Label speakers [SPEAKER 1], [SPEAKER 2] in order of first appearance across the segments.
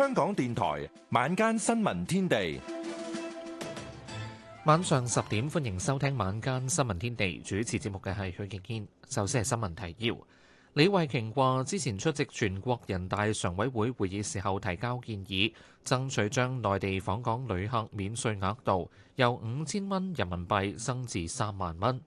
[SPEAKER 1] 香港電台晚間
[SPEAKER 2] 新聞天地，晚上十點歡迎收聽晚間新聞天地。主持節目嘅係許敬軒，首先係新聞提要。李慧瓊話，之前出席全國人大常委會會議時候，提交建議，爭取將內地訪港旅客免稅額度由五千蚊人民幣升至三萬蚊。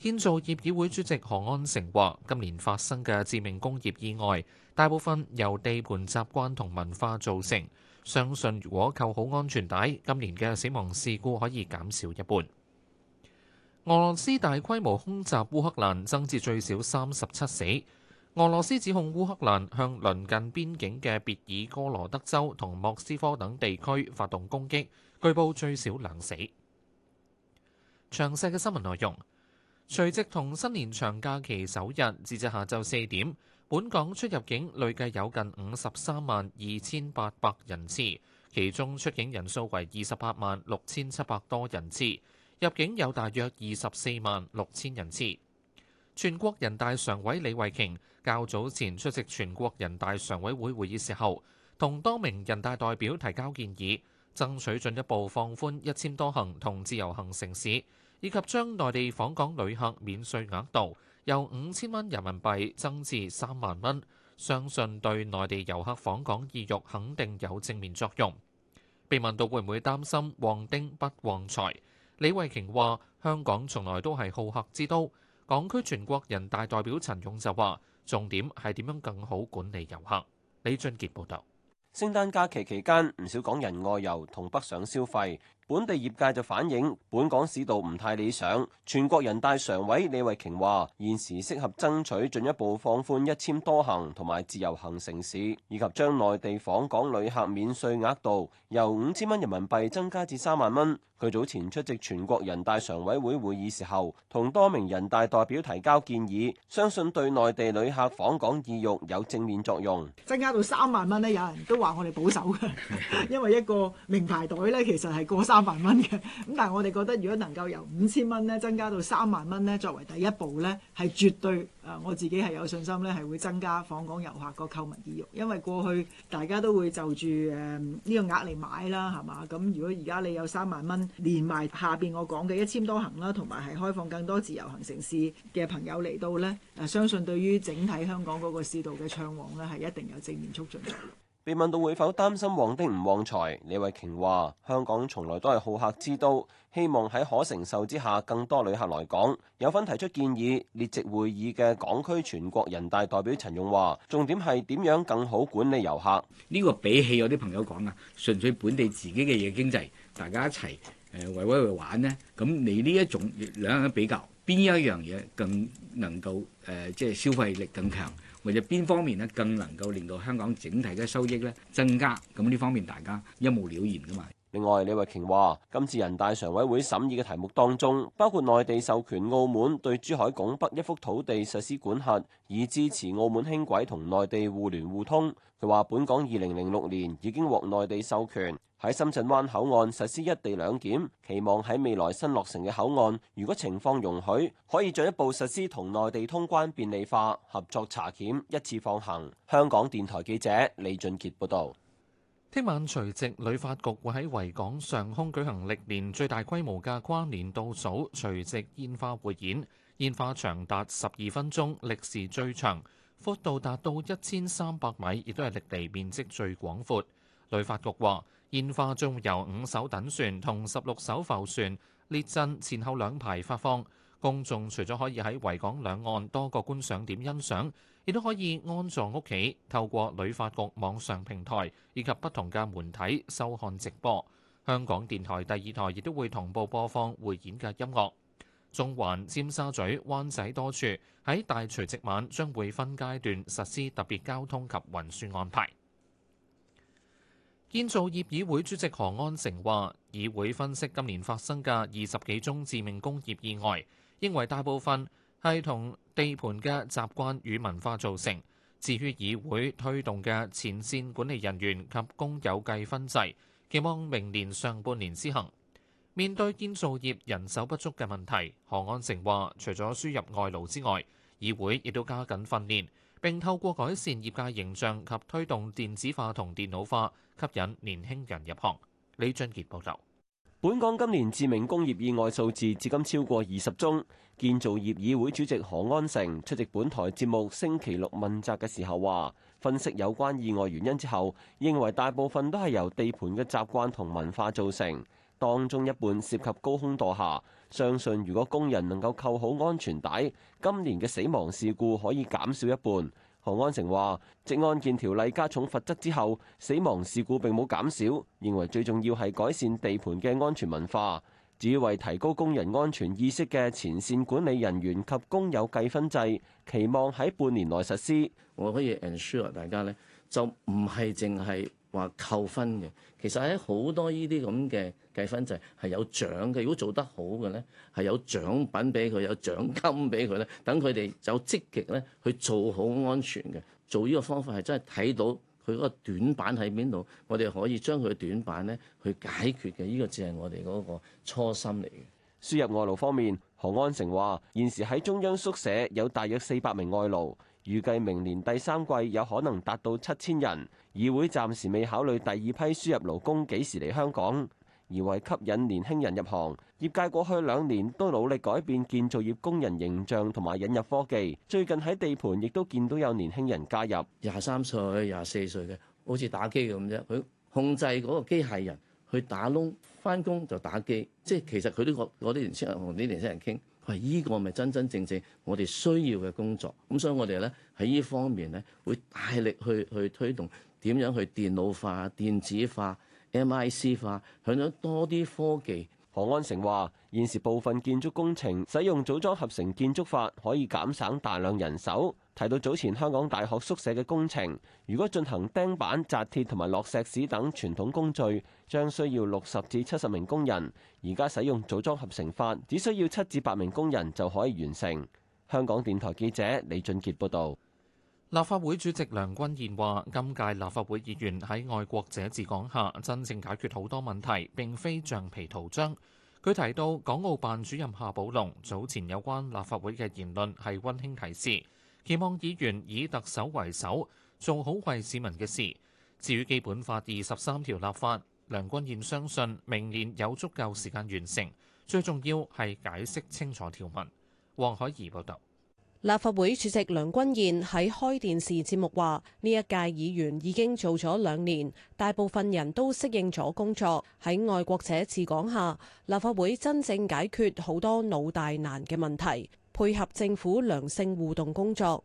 [SPEAKER 2] 建造業議會主席何安成話，今年發生嘅致命工業意外。大部分由地盤習慣同文化造成，相信如果扣好安全帶，今年嘅死亡事故可以減少一半。俄羅斯大規模空襲烏克蘭，增至最少三十七死。俄羅斯指控烏克蘭向鄰近邊境嘅別爾哥羅德州同莫斯科等地區發動攻擊，據報最少兩死。詳細嘅新聞內容，隨即同新年長假期首日至至下晝四點。本港出入境累計有近五十三萬二千八百人次，其中出境人數為二十八萬六千七百多人次，入境有大約二十四萬六千人次。全國人大常委李慧瓊較早前出席全國人大常委會會議時候，同多名人大代表提交建議，爭取進一步放寬一簽多行同自由行城市，以及將內地訪港旅客免稅額度。由五千蚊人民幣增至三萬蚊，相信對內地遊客訪港意欲肯定有正面作用。被問到會唔會擔心旺丁不旺財，李慧瓊話：香港從來都係好客之都。港區全國人大代表陳勇就話：重點係
[SPEAKER 3] 點樣更好管理遊客。李俊傑報導。聖誕假期期間，唔少港人外遊同北上消費。本地業界就反映，本港市道唔太理想。全國人大常委李慧瓊話，現時適合爭取進一步放寬一簽多行同埋自由行城市，以及將內地訪港旅客免稅額度由五千蚊人民幣增加至三萬蚊。佢早前出席全國人大常委會會議時候，同多名人大代表提交建議，相信對內地旅客訪港意欲有正面作用。
[SPEAKER 4] 增加到三萬蚊咧，有人都話我哋保守嘅，因為一個名牌袋咧，其實係過三。三萬蚊嘅，咁但係我哋覺得，如果能夠由五千蚊咧增加到三萬蚊咧，作為第一步咧，係絕對誒，我自己係有信心咧，係會增加訪港遊客個購物意欲，因為過去大家都會就住誒呢個額嚟買啦，係嘛？咁如果而家你有三萬蚊，連埋下邊我講嘅一千多行啦，同埋係開放更多自由行城市嘅朋友嚟到咧，誒相信對於整體香港嗰個市道嘅暢旺咧，係一定有正面促進作用。
[SPEAKER 3] 被問到會否擔心旺丁唔旺財，李慧瓊話：香港從來都係好客之都，希望喺可承受之下，更多旅客來港。有份提出建議列席會議嘅港區全國人大代表陳勇話：重點係點樣更好管理遊客？呢個比起有啲朋友講啊，純粹本地自己嘅嘢經濟，大家一齊誒圍圍去玩呢。咁你呢一種兩
[SPEAKER 2] 樣比較，邊一樣嘢更能夠誒即係消費力更強？或者邊
[SPEAKER 3] 方面呢？更能夠令到香港整體嘅收益咧增加？咁呢方面大家一目了然噶嘛。另外，李慧瓊話：今次人大常委會審議嘅題目當中，包括內地授權澳門對珠海拱北一幅土地實施管轄，以支持澳門輕軌同內地互聯互通。佢話本港二零零六年已經獲內地授權。喺深圳灣口岸實施一地兩檢，期望喺未來新落成嘅口岸，如果情況容許，可以進一步實施同內地通關便利化合作查檢一次放行。香港電台記者李俊杰報道。聽晚
[SPEAKER 2] 除夕，旅發局會喺維港上空舉行歷年最大規模嘅跨年倒數除夕煙花匯演，煙花長達十二分鐘，歷時最長，闊度達到一千三百米，亦都係歷地面積最廣闊。旅發局話。煙花將會由五艘躉船同十六艘浮船列陣前後兩排發放，公眾除咗可以喺維港兩岸多個觀賞點欣賞，亦都可以安坐屋企透過旅發局網上平台以及不同嘅媒體收看直播。香港電台第二台亦都會同步播放匯演嘅音樂。中環、尖沙咀、灣仔多處喺大除夕晚將會分階段實施特別交通及運輸安排。建造業議會主席何安成話，議會分析今年發生嘅二十幾宗致命工業意外，認為大部分係同地盤嘅習慣與文化造成。至於議會推動嘅前線管理人員及工友計分制，期望明年上半年施行。面對建造業人手不足嘅問題，何安成話除咗輸入外勞之外，議會亦都加緊訓練。並透過改善業界形象及推動電子化同電腦化，吸引年輕人入行。李俊傑報導。
[SPEAKER 3] 本港今年致命工業意外數字至今超過二十宗，建造業議會主席何安成出席本台節目星期六問責嘅時候話，分析有關意外原因之後，認為大部分都係由地盤嘅習慣同文化造成，當中一半涉及高空墮下。相信如果工人能夠扣好安全帶，今年嘅死亡事故可以減少一半。何安成話，即案件條例加重罰則之後，死亡事故並冇減少，認為最重要係改善地盤嘅安全文化。至於為提高工人安全意識嘅前線管理人員及工友計分制，期望喺半年內實施。我可以 ensure 大家咧，就唔係淨係。話扣分嘅，其實喺
[SPEAKER 2] 好多呢啲咁嘅計分制係有獎嘅。如果做得好嘅呢，係有獎品俾佢，有獎金俾佢呢，等佢哋有積極呢去做好安全嘅。
[SPEAKER 3] 做呢個方法係真係睇到佢嗰個短板喺邊度，我哋可以將佢嘅短板呢去解決嘅。呢、這個只係我哋嗰個初心嚟嘅。輸入外勞方面，何安成話現時喺中央宿舍有大約四百名外勞。預計明年第三季有可能達到七千人。議會暫時未考慮第二批輸入勞工幾時嚟香港，而為吸引年輕人入行，業界過去兩年都努力改變建造業工人形象同埋引入科技。最近喺地盤亦都見到有年輕人加入，廿三歲、廿四歲嘅，好似打機咁啫。佢控制嗰個機械
[SPEAKER 2] 人去打窿，返工就打機，即係其實佢都個嗰啲年輕人同啲年輕人傾。係依個咪真真正正我哋需要嘅工作，咁所以我哋咧喺依方面咧
[SPEAKER 3] 會大力去去推動點樣去電腦化、電子化、MIC 化，響咗多啲科技。何安成話，現時部分建築工程使用組裝合成建築法，可以減省大量人手。提到早前香港大學宿舍嘅工程，如果進行釘板、紮鐵同埋落石屎等傳統工序，將需要六十至七十名工人；而家使用組裝合成法，只需要七至八名工人就可以完成。香港電台記者李俊杰報道。立法會
[SPEAKER 2] 主席梁君彥話：今屆立
[SPEAKER 3] 法會議員
[SPEAKER 2] 喺愛國者治港下，真正解決好多問題，並非橡皮圖章。佢提到，港澳辦主任夏寶龍早前有關立法會嘅言論係温馨提示，期望議員以特首為首，做好為市民嘅事。至於基本法二十三條立法，梁君彥相信明年有足夠時間完成，最重要係解釋清楚條文。黃海怡報導。
[SPEAKER 5] 立法會主席梁君彥喺開電視節目話：呢一屆議員已經做咗兩年，大部分人都適應咗工作。喺愛國者治港下，立法會真正解決好多老大難嘅問題，配合政府良性互動工作。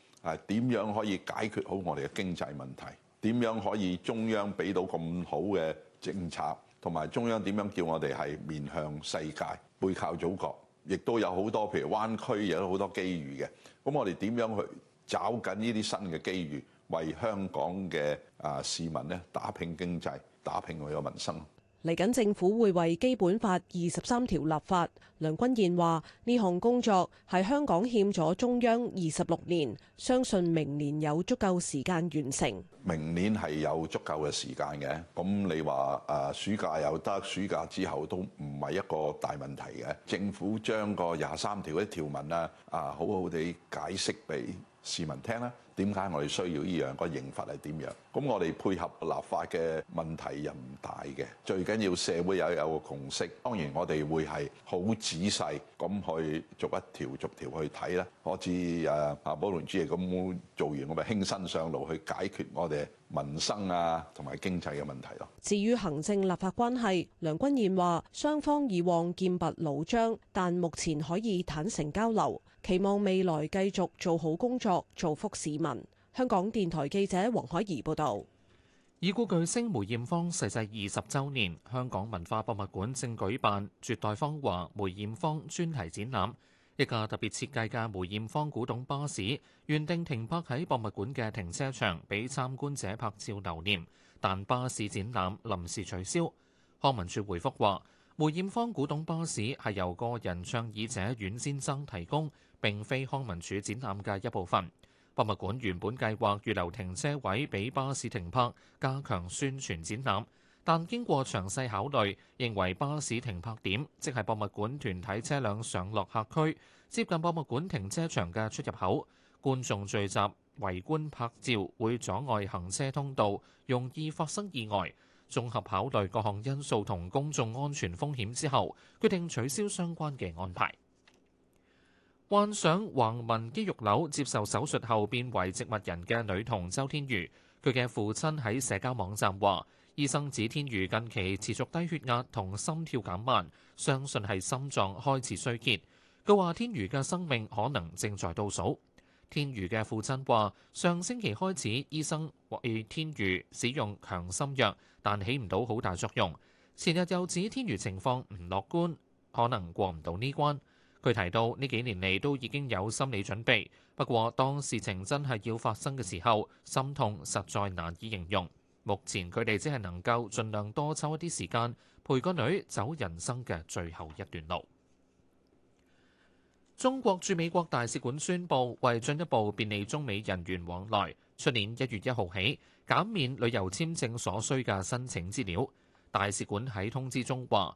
[SPEAKER 1] 係點樣可以解決好我哋嘅經濟問題？點樣可以中央俾到咁好嘅政策？同埋中央點樣叫我哋係面向世界、背靠祖國？亦都有好多譬如灣區，有好多機遇嘅。咁我哋點樣去找緊呢啲新嘅機遇，為香港嘅啊市民咧打拼經濟、打拼我個民生？
[SPEAKER 5] 嚟緊政府會為《基本法》二十三條立法，梁君彥話：呢項工作喺香港欠咗中央二十六年，相信明年有足夠時間完成。
[SPEAKER 1] 明年係有足夠嘅時間嘅，咁你話誒暑假有得，暑假之後都唔係一個大問題嘅。政府將個廿三條嗰啲條文啊，啊好好地解釋俾市民聽啦。點解我哋需要呢樣？個刑罰係點樣？咁我哋配合立法嘅問題又唔大嘅。最緊要社會有有共識。當然我哋會係好仔細咁去逐一條逐條去睇啦。我知誒啊，保倫主席咁做完，我咪輕身上路去解決我哋民生啊同埋經濟嘅問題咯。
[SPEAKER 5] 至於行政立法關係，梁君彥話雙方以往劍拔弩張，但目前可以坦誠交流，期望未來繼續做好工作，造福市民。香港電台記者王海怡報道，
[SPEAKER 2] 已故巨星梅艷芳逝世二十周年，香港文化博物館正舉辦《絕代芳華》梅艷芳專題展覽。一架特別設計嘅梅艷芳古董巴士原定停泊喺博物館嘅停車場，俾參觀者拍照留念，但巴士展覽臨時取消。康文署回覆話，梅艷芳古董巴士係由個人倡議者阮先生提供，並非康文署展覽嘅一部分。博物館原本計劃預留停車位俾巴士停泊，加強宣傳展覽，但經過詳細考慮，認為巴士停泊點即係博物館團體車輛上落客區，接近博物館停車場嘅出入口，觀眾聚集、圍觀拍照會阻礙行車通道，容易發生意外。綜合考慮各項因素同公眾安全風險之後，決定取消相關嘅安排。幻想橫紋肌肉瘤接受手術後變為植物人嘅女童周天瑜，佢嘅父親喺社交網站話醫生指天瑜近期持續低血壓同心跳減慢，相信係心臟開始衰竭。佢話天瑜嘅生命可能正在倒數，天瑜嘅父親話上星期開始，醫生為天瑜使用強心藥，但起唔到好大作用。前日又指天瑜情況唔樂觀，可能過唔到呢關。佢提到呢幾年嚟都已經有心理準備，不過當事情真係要發生嘅時候，心痛實在難以形容。目前佢哋只係能夠盡量多抽一啲時間陪個女走人生嘅最後一段路。中國駐美國大使館宣布，為進一步便利中美人員往來，出年一月一號起減免旅遊簽證所需嘅申請資料。大使館喺通知中話。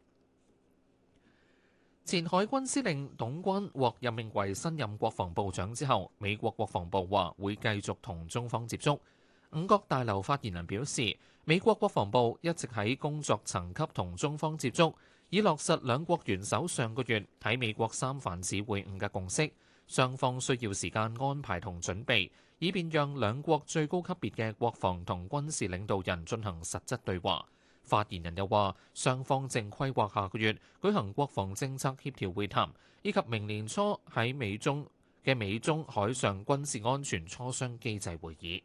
[SPEAKER 2] 前海軍司令董軍獲任命為新任國防部長之後，美國國防部話會繼續同中方接觸。五角大樓發言人表示，美國國防部一直喺工作層級同中方接觸，以落實兩國元首上個月喺美國三藩市會晤嘅共識。雙方需要時間安排同準備，以便讓兩國最高級別嘅國防同軍事領導人進行實質對話。發言人又話，雙方正規劃下個月舉行國防政策協調會談，以及明年初喺美中嘅美中海上軍事安全磋商機制會議。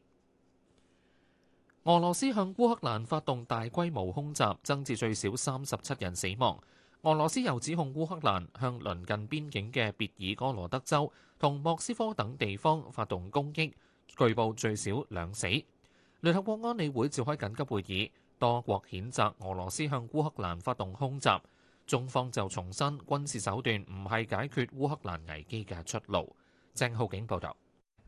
[SPEAKER 2] 俄羅斯向烏克蘭發動大規模空襲，增至最少三十七人死亡。俄羅斯又指控烏克蘭向鄰近邊境嘅別爾哥羅德州同莫斯科等地方發動攻擊，據報最少兩死。聯合國安理會召開緊急會議。多國譴責俄羅斯向烏克蘭發動空襲，中方就重申軍事手段唔係解決烏克蘭危機嘅出路。鄭浩景報道。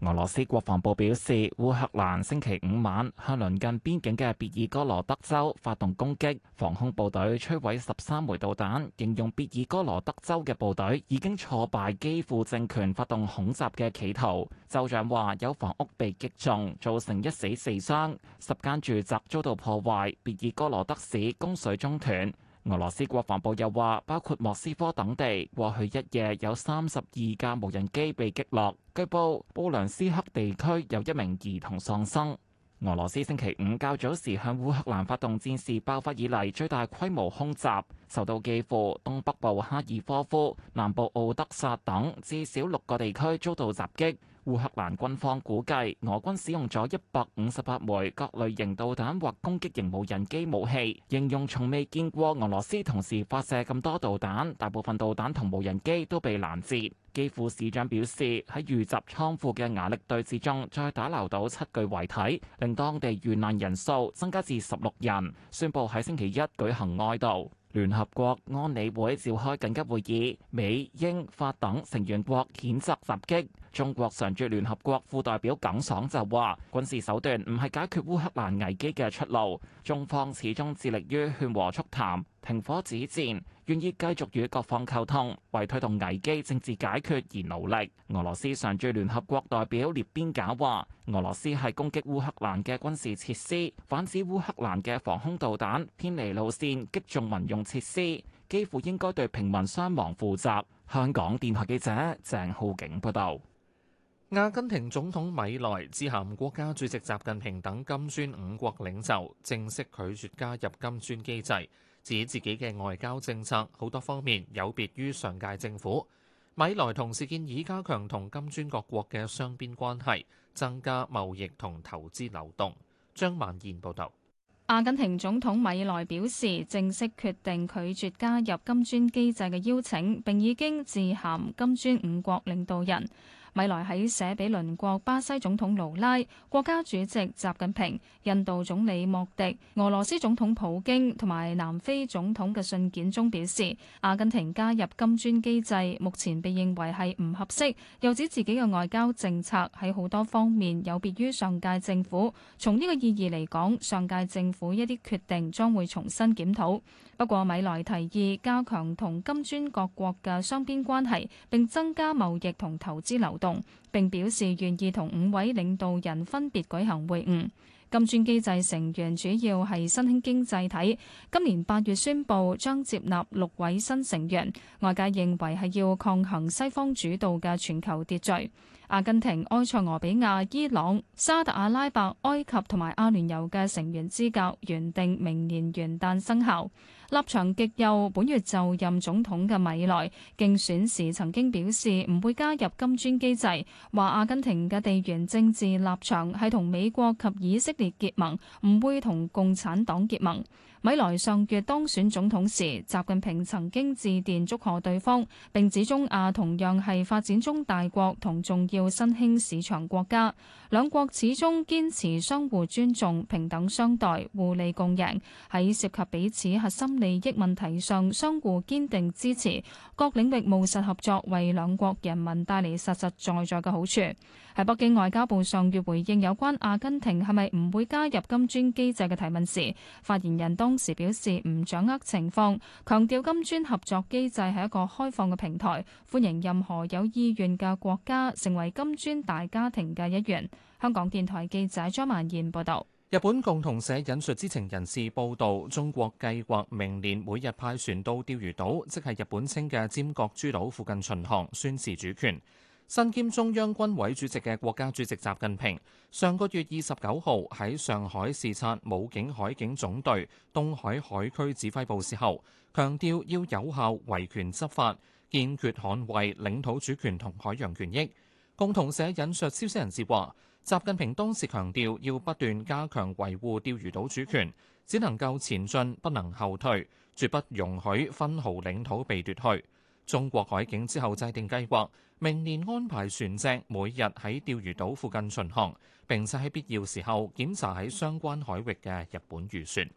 [SPEAKER 4] 俄羅斯國防部表示，烏克蘭星期五晚向鄰近邊境嘅別爾哥羅德州發動攻擊，防空部隊摧毀十三枚導彈。形容別爾哥羅德州嘅部隊已經挫敗基輔政權發動恐襲嘅企圖。州長話有房屋被擊中，造成一死四傷，十間住宅遭到破壞，別爾哥羅德市供水中斷。俄羅斯國防部又話，包括莫斯科等地，過去一夜有三十二架無人機被擊落。據報，布良斯克地區有一名兒童喪生。俄羅斯星期五較早時向烏克蘭發動戰事爆發以嚟最大規模空襲，受到基輔、東北部哈爾科夫、南部奧德薩等至少六個地區遭到襲擊。烏克蘭軍方估計俄軍使用咗一百五十八枚各類型導彈或攻擊型無人機武器，形容從未見過俄羅斯同時發射咁多導彈。大部分導彈同無人機都被攔截。基輔市長表示，喺遇襲倉庫嘅瓦礫對峙中，再打撈到七具遺體，令當地遇難人數增加至十六人，宣布喺星期一舉行哀悼。聯合國安理會召開緊急會議，美、英、法等成員國譴責襲擊，中國常駐聯合國副代表耿爽就話，軍事手段唔係解決烏克蘭危機嘅出路，中方始終致力於勸和促談、停火止戰。願意繼續與各方溝通，為推動危機政治解決而努力。俄羅斯常駐聯合國代表涅邊賈話，俄羅斯係攻擊烏克蘭嘅軍事設施，反指烏克蘭嘅防空導彈偏離路線，擊中民用設施，幾乎應該對平民傷亡負責。香港電台記者鄭浩景報
[SPEAKER 2] 道。阿根廷總統米萊，致函國家主席習近平等金磚五國領袖正式拒絕加入金磚機制。指自己嘅外交政策好多方面有別於上屆政府。米萊同時建議加強同金磚各國嘅雙邊關係，增加貿易同投資流動。張萬燕報道。
[SPEAKER 6] 阿根廷總統米萊表示，正式決定拒絕加入金磚機制嘅邀請，並已經致函金磚五國領導人。米萊喺寫俾鄰國巴西總統盧拉、國家主席習近平、印度總理莫迪、俄羅斯總統普京同埋南非總統嘅信件中表示，阿根廷加入金磚機制目前被認為係唔合適，又指自己嘅外交政策喺好多方面有別於上屆政府。從呢個意義嚟講，上屆政府一啲決定將會重新檢討。不過，米萊提議加強同金磚各國嘅雙邊關係，並增加貿易同投資流動。並表示願意同五位領導人分別舉行會晤。金磚機制成員主要係新興經濟體，今年八月宣布將接納六位新成員，外界認為係要抗衡西方主導嘅全球秩序。阿根廷、埃塞俄比亞、伊朗、沙特阿拉伯、埃及同埋阿聯酋嘅成員資格原定明年元旦生效。立場極右，本月就任總統嘅米萊競選時曾經表示唔會加入金磚機制，話阿根廷嘅地緣政治立場係同美國及以色列結盟，唔會同共產黨結盟。米萊上月當選總統時，習近平曾經致電祝賀對方，並指中亞同樣係發展中大國同重要新興市場國家，兩國始終堅持相互尊重、平等相待、互利共贏，喺涉及彼此核心利益問題上相互堅定支持，各領域務實合作，為兩國人民帶嚟實實在在嘅好處。喺北京外交部上月回應有關阿根廷係咪唔會加入金磚機制嘅提問時，發言人當時表示唔掌握情況，強調金磚合作機制係一個開放嘅平台，歡迎任何有意願嘅國家成為金磚大家庭嘅一員。香港電台記者張曼燕報道。
[SPEAKER 2] 日本共同社引述知情人士報道，中國計劃明年每日派船到釣魚島，即係日本稱嘅尖閣諸島附近巡航，宣示主權。身兼中央軍委主席嘅國家主席習近平，上個月二十九號喺上海視察武警海警總隊東海海區指揮部時候，強調要有效維權執法，堅決捍衛領土主權同海洋權益。共同社引述消息人士話。習近平當時強調要不斷加強維護釣魚島主權，只能夠前進，不能後退，絕不容許分毫領土被奪去。中國海警之後制定計劃，明年安排船隻每日喺釣魚島附近巡航，並且喺必要時候檢查喺相關海域嘅日本漁船。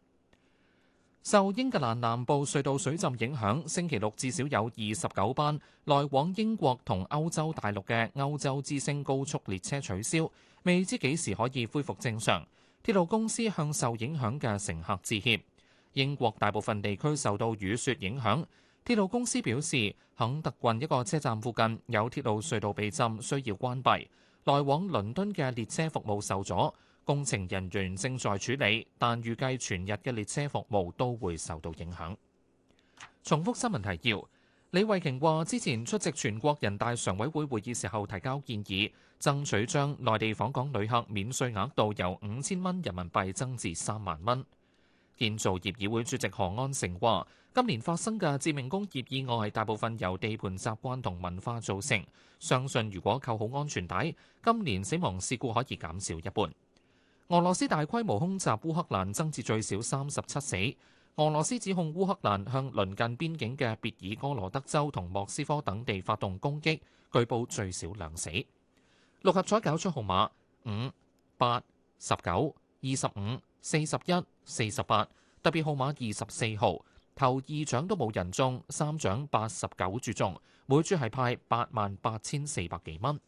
[SPEAKER 2] 受英格蘭南部隧道水浸影響，星期六至少有二十九班來往英國同歐洲大陸嘅歐洲之星高速列車取消。未知幾時可以恢復正常。鐵路公司向受影響嘅乘客致歉。英國大部分地區受到雨雪影響，鐵路公司表示，肯特郡一個車站附近有鐵路隧道被浸，需要關閉，來往倫敦嘅列車服務受阻。工程人員正在處理，但預計全日嘅列車服務都會受到影響。重複新聞提要。李慧瓊話：之前出席全國人大常委會會議時候，提交建議，爭取將內地訪港旅客免稅額度由五千蚊人民幣增至三萬蚊。建造業議會主席何安誠話：今年發生嘅致命工業意外，大部分由地盤習慣同文化造成，相信如果扣好安全帶，今年死亡事故可以減少一半。俄羅斯大規模空襲烏克蘭，增至最少三十七死。俄羅斯指控烏克蘭向鄰近邊境嘅別爾哥羅德州同莫斯科等地發動攻擊，據報最少兩死。六合彩搞出號碼五、八、十九、二十五、四十一、四十八，特別號碼二十四號。頭二獎都冇人中，三獎八十九注中，每注係派八萬八千四百幾蚊。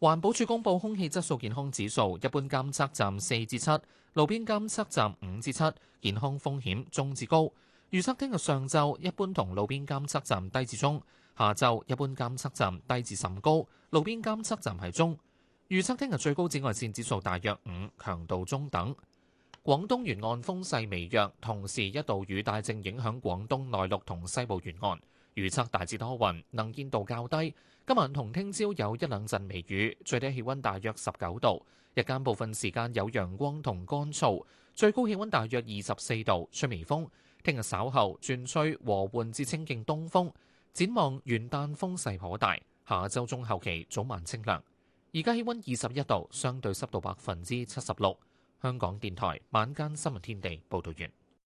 [SPEAKER 2] 環保署公布空氣質素健康指數，一般監測站四至七，路邊監測站五至七，健康風險中至高。預測聽日上晝一般同路邊監測站低至中，下晝一般監測站低至甚高，路邊監測站係中。預測聽日最高紫外線指數大約五，強度中等。廣東沿岸風勢微弱，同時一道雨帶正影響廣東內陸同西部沿岸，預測大致多雲，能見度較低。今晚同聽朝有一兩陣微雨，最低氣溫大約十九度，日間部分時間有陽光同乾燥，最高氣溫大約二十四度，吹微風。聽日稍後轉吹和緩至清勁東風，展望元旦風勢頗大。下周中後期早晚清涼，而家氣溫二十一度，相對濕度百分之七十六。香港電台晚間新聞天地報道完。